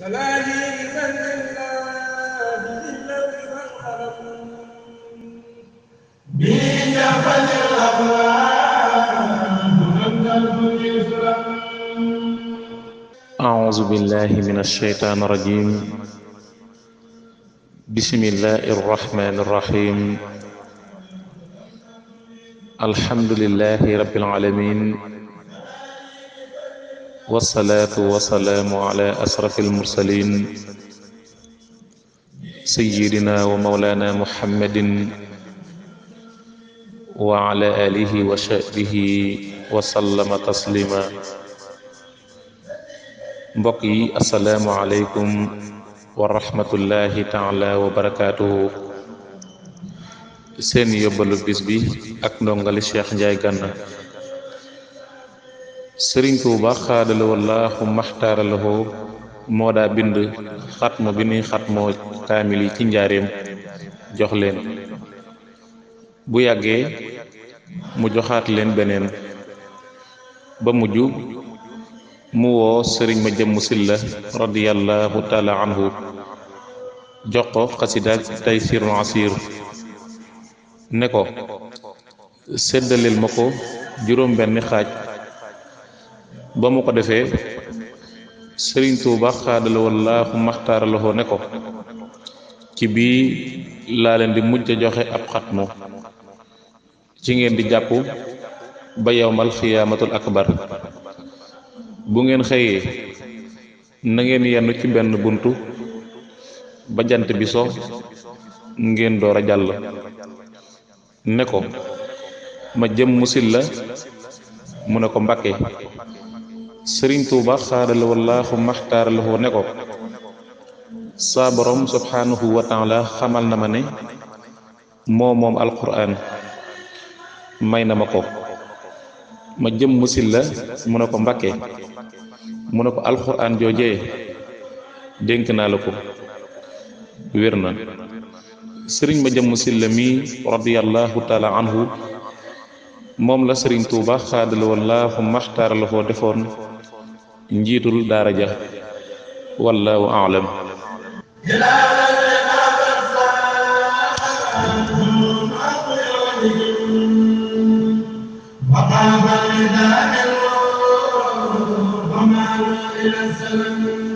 فلا لمن الله بالله والخلق بيك فجر أعوذ بالله من الشيطان الرجيم بسم الله الرحمن الرحيم الحمد لله رب العالمين wasalaatu wasalaamu ala asrafi almursalin sayidina wa maulana muhammadin wa ala alihi wa sahbihi wa sallama taslima mbokk yi asalaamu aleykum wa rahmatullahi taala wa barakaatuhu seen yóbbalu bis bi ak ndongali Cheikh Ndiaye Gana sëriñ Tuuba xaadala wallaahu maxtaara lahu moo daa bind xatmu bi nuy xatmoo kaamil yi ci njaareem jox leen bu yàggee mu joxaat leen beneen ba mujj mu woo sëriñ ma jëmm silla radiyallahu taala anhu jox ko xasidaak taysirul asiir ne ko séddaleel ma ko juróom benn xaaj ba mu ko defee sëriñ Tuuba xaadala wallaahu maxtaara loxo ne ko ci bii laa leen di mujj a joxe ab xatmu ci ngeen di jàpp ba yowmal xiyaamatul akbar bu ngeen xëyee na ngeen yenn ci benn buntu ba jant bi so ngeen door a jàll ne ko ma jëm musil la mu ne ko mbakke sëriñ tuuba xaarala wallaahu maxtaaralahu ne ko saa borom subhaanahu wa taala xamal na ma ne moo moom alquran may na ma ko ma jëm musil la mu ne ko mbakke mu ne ko alquran joojee dénk naa la ko wér na sëriñ ma jëm musil la mii radiallahu taala anhu moom la sëriñ tuuba xaadala wallaahu maxtaaralahu defoon njiitul daara ja wallaahu aalam وقام لنا الوقت وما إلى السلام